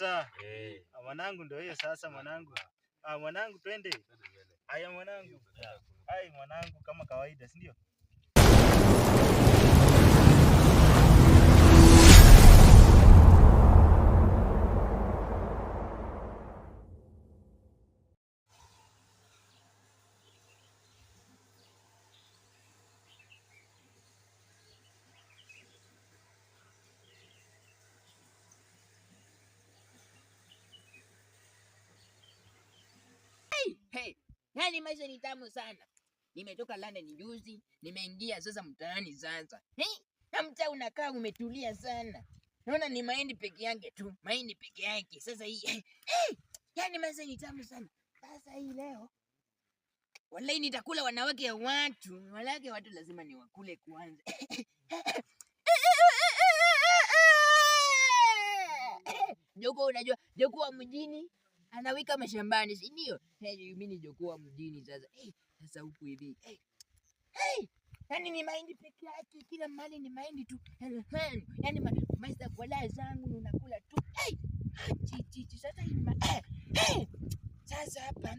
Unanipata? Eh. Ah, mwanangu ndio hiyo sasa mwanangu. Ah, mwanangu twende. Haya mwanangu. Hai mwanangu kama kawaida, si ndio? Hey, yani maisha ni tamu sana. Nimetoka London juzi, nimeingia sasa mtaani sasa. Hey, na mtaa unakaa umetulia sana. Naona ni mahindi peke yake tu, mahindi peke yake. Sasa hii hey, yani maisha ni tamu sana. Sasa hii leo wallahi nitakula wanawake ya watu, wanawake ya watu lazima ni wakule kwanza. Joko, unajua joko wa mjini anawika mashambani, si ndio? Hey, mimi nijokuwa mjini sasa. Hey, sasa huku hivi hey. Hey, yani ni mahindi peke yake, kila mahali ni mahindi tu, yani maisha kwa la zangu unakula tu hey. Chichichi ah, sasa hii hey. Hey. Sasa hapa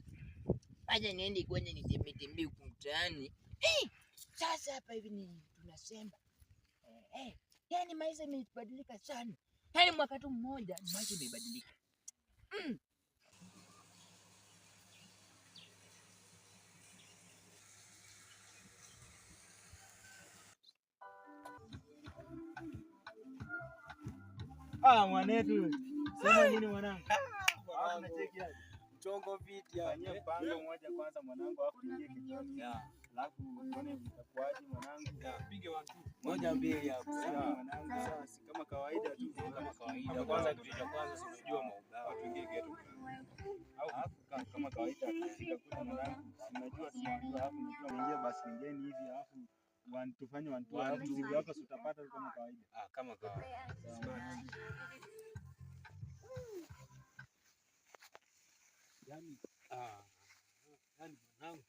aja niende kwenye nitembetembe huku mtaani hey. Sasa hapa hivi ni tunasema hey. Hey. Yani maisha imebadilika sana, yani mwaka tu mmoja maisha imebadilika mm. Ah, mwanetu. Sema nini mwanangu? Chongo viti ya mpango moja kwanza mwanangu afu ingie kichwani. Alafu tuone itakuwaje mwanangu. Pige watu. Moja mbili hapo. Mwanangu sawa, kama kawaida tu kama kawaida. Kwanza kitu cha kwanza si unajua maubao. Tuingie kitu. Au kama kawaida tutafika kule mwanangu. Unajua tunaambiwa hapo mkiwa mwenyewe basi ngeni hivi alafu tufanye hapa, si utapata kama kawaida. Ah, kama kawaida. Yaani, ah, yaani mwanangu.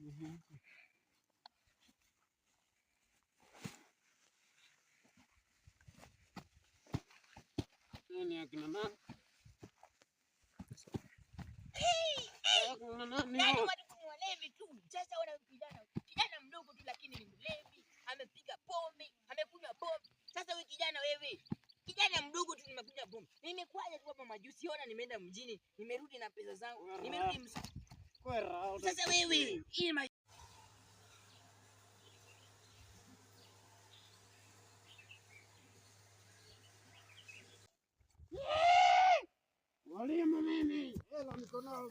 Nani akina nani? Yaani kijana mdogo tu, lakini ni mlevi, amepiga pombe, amekunywa pombe. Sasa wewe kijana, wewe kijana mdogo tu, nimekunywa pombe, nimekuaje tu hapa majusi. Ona, nimeenda mjini, nimerudi na pesa zangu, nimerudi msukuma Sasa wewe, ima Mwalimu mimi, hela niko nayo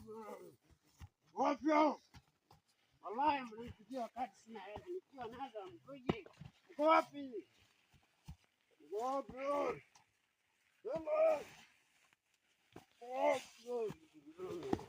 ovyo. Wallahi mnanipigia wakati sina hela, nada, nazo mkuje. Uko wapi? Uko wapi? Hela. Ovyo.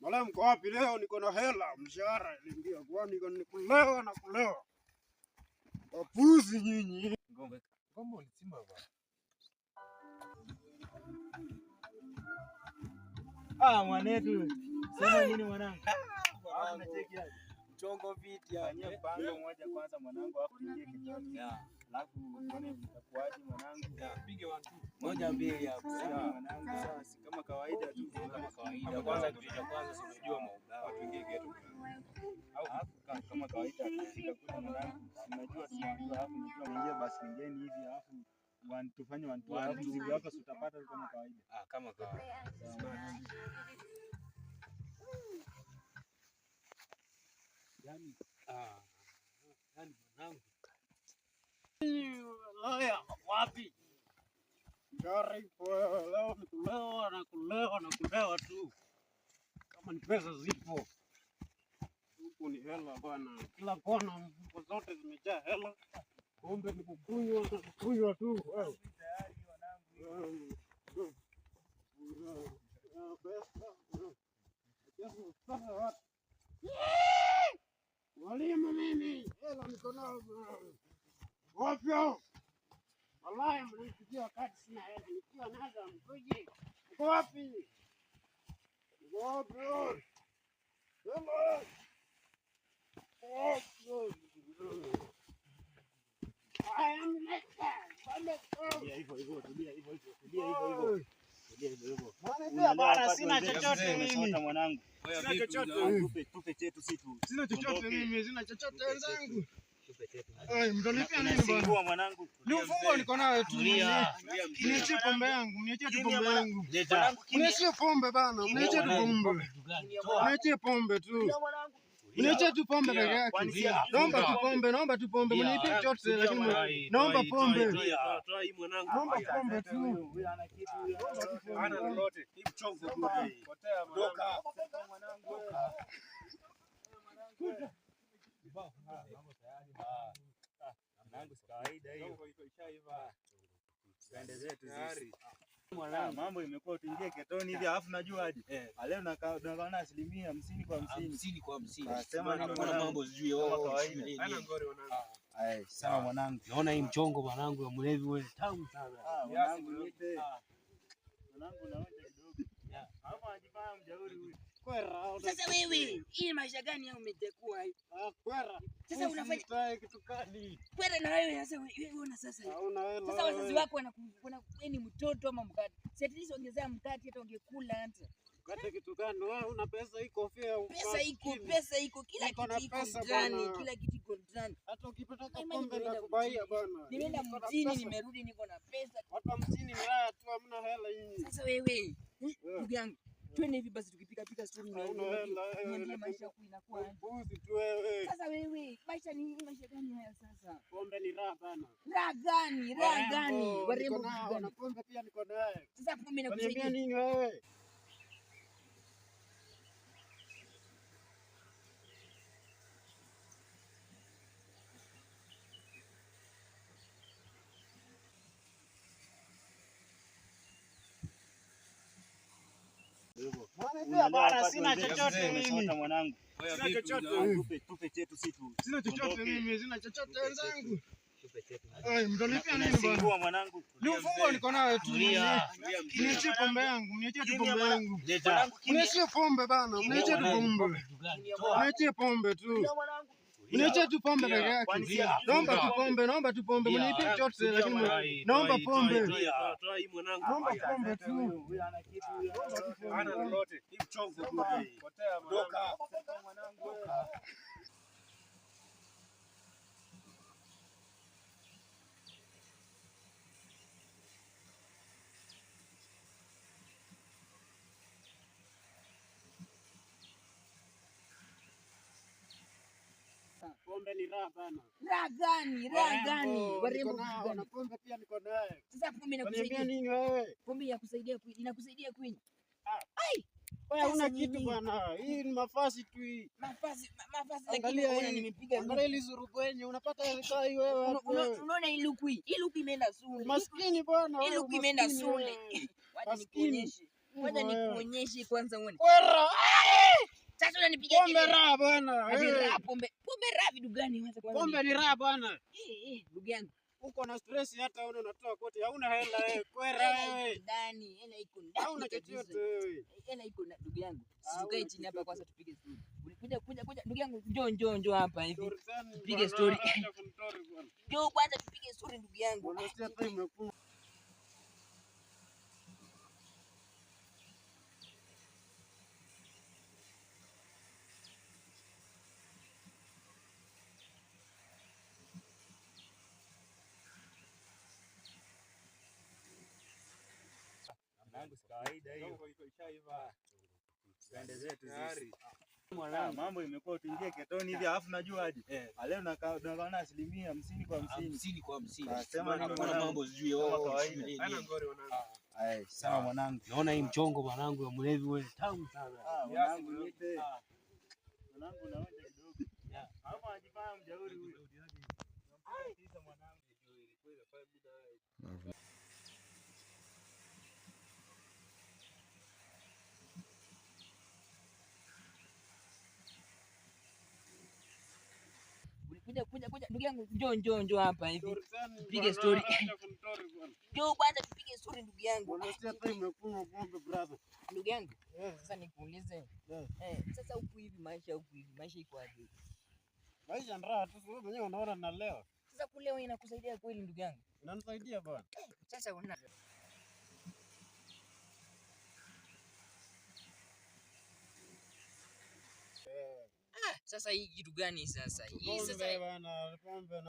Mala, mko wapi leo? Niko na hela, mshahara iliingia, kwani ni kulewa na kulewa. Wapuzi nyinyi. Ah, mwanetu. Sema nini mwanangu? Mchongo ah! ah, viti. Fanyia mpango moja kwanza mwanangu, afu ingie kidogo alafu nione mtakuaje mwanangu. Pige watu moja mbili hapo mwanangu, sawa, si kama kawaida tu, kama kawaida. Kwanza kitu cha kwanza si unajua maubao, watu wengine kitu au hapo kama kawaida, kufika kule mwanangu, unajua tunajua hapo, unajua mwenyewe, basi ngeni hivi alafu tufanye wantu wantu, mzigo wako utapata kama kawaida, ah kama kawaida leo nikulewa na kulewa na kulewa tu, kama ni pesa zipo huku, ni hela bwana, kila kona zote zimejaa hela, kumbe ni kukunywa na kukunywa tu walimu, mimi hela niko nayo Wallahi mlifikia wakati sina hela, nikiwa nazo mkuje. Uko wapi? Bwana, sina chochote mimi. Sina chochote. Tupe chetu situ. Sina chochote mimi, sina chochote wenzangu. Mtanipia Naomba pombe, Mambo imekuwa tuingie ketoni hivi, alafu najua aje eh. ah, leo nakaona asilimia hamsini kwa hamsini kwa hamsini. Ah, Sawa ah, eh, mwanangu, naona hii mchongo mwanangu wa mlevi wewe, tamu sana mwanangu, naonja kidogo, alafu sasa wewe, hii maisha gani au umetekua hii? Ah, kwera. Sasa unafanya kitu kali. Kwera na wewe sasa unaona sasa. Hauna hela. Sasa wazazi wako wanakuona wewe ni mtoto ama mkati. Si at least ongezea mkati hata ungekula hata. Kata kitu gani? Wewe una pesa iko fia. Pesa iko, pesa iko, kila kitu iko ndani, kila kitu iko ndani. Hata ukipata kombe na kubaia bwana. Nimeenda mjini nimerudi niko na pesa. Watu mjini mlaa tu hamna hela hii. Sasa wewe, eh. ndugu yangu Twende hivi basi tukipiga pika story na wewe. niambie Maisha yako inakuwa. Mbuzi tu wewe. Sasa wewe, maisha ni maisha gani haya sasa? Pombe ni raha sana. Raha gani? Raha gani? Warembo na pombe pia niko naye. Sasa pombe inakusaidia nini wewe? Sina chochote mimi. Mwanangu. Sina chochote. Tupe tupe chetu si tu. Sina chochote mimi, sina chochote wenzangu. Tupe chetu. Ai, mtalipia nini bwana? Mwanangu. Ni ufungo niko nayo tu. Niachie pombe yangu, niachie tu pombe yangu. Niachie pombe bana, niachie tu pombe. Niachie pombe tu. Mniache tu pombe peke yake. Naomba tu pombe, naomba tu pombe. Mnipe chote lakini naomba pombe. Toa hii mwanangu. Naomba pombe tu. ana lolote. Hii mchongo tu. Potea mwanangu. Mwanangu. pombe ni raha sana. Raha gani? Raha gani? Warembo nao na pombe pia niko naye. Sasa pombe inakusaidia nini wewe? Pombe inakusaidia kwini? Inakusaidia kwini? Ah. Ai! Wewe una kitu bwana. Hii ni mafasi tu hii. Mafasi, mafasi lakini unaona nimepiga. Angalia ile zurubu unapata kaa hii wewe. Unaona hii look hii? Hii look imeenda sule. Maskini bwana. Hii look imeenda sule. Wacha nikuonyeshe. Wacha nikuonyeshe kwanza uone. Wera! Sasa unanipiga pombe raha bwana. Eh. Pombe pombe raha vidu gani kwanza kwanza? Pombe ni raha bwana. Eh eh, ndugu yangu. Uko na stress hata wewe unatoa kote. Hauna hela wewe. Kwera wewe. Ndani, hela iko ndani. Hauna chochote wewe. Hela iko na ndugu yangu. Sikae chini hapa kwanza tupige story. Kuja kuja kuja ndugu yangu njoo njoo njoo hapa hivi. Tupige story. Njoo kwanza tupige story ndugu yangu. Unasikia ah, time imekuwa. mambo imekuwa tuingie ketoni hivi alafu najua aje. Eh. Ah, leo na asilimia hamsini kwa hamsini. kwa hamsini. Ah, sema mambo wao kawaida. wanangu. Ah, eh, sawa mwanangu. Naona hii mchongo mwanangu wa mlevi wewe tamu sana. Mwanangu kidogo. Mwanangu. kuja kuja kuja, ndugu yangu, njoo njoo njoo hapa hivi, tupige story. Njoo kwanza tupige story, ndugu yangu. Ah, ndugu yangu, eh. sasa nikuulize, eh. Eh, sasa huku hivi maisha, huku hivi maisha iko aje? Maisha ndio tu sasa, mwenyewe unaona nalewa. Sasa kulewa inakusaidia kweli, ndugu yangu? Inanisaidia bwana. Sasa una Sasa hii kitu gani sasa? Hii sasa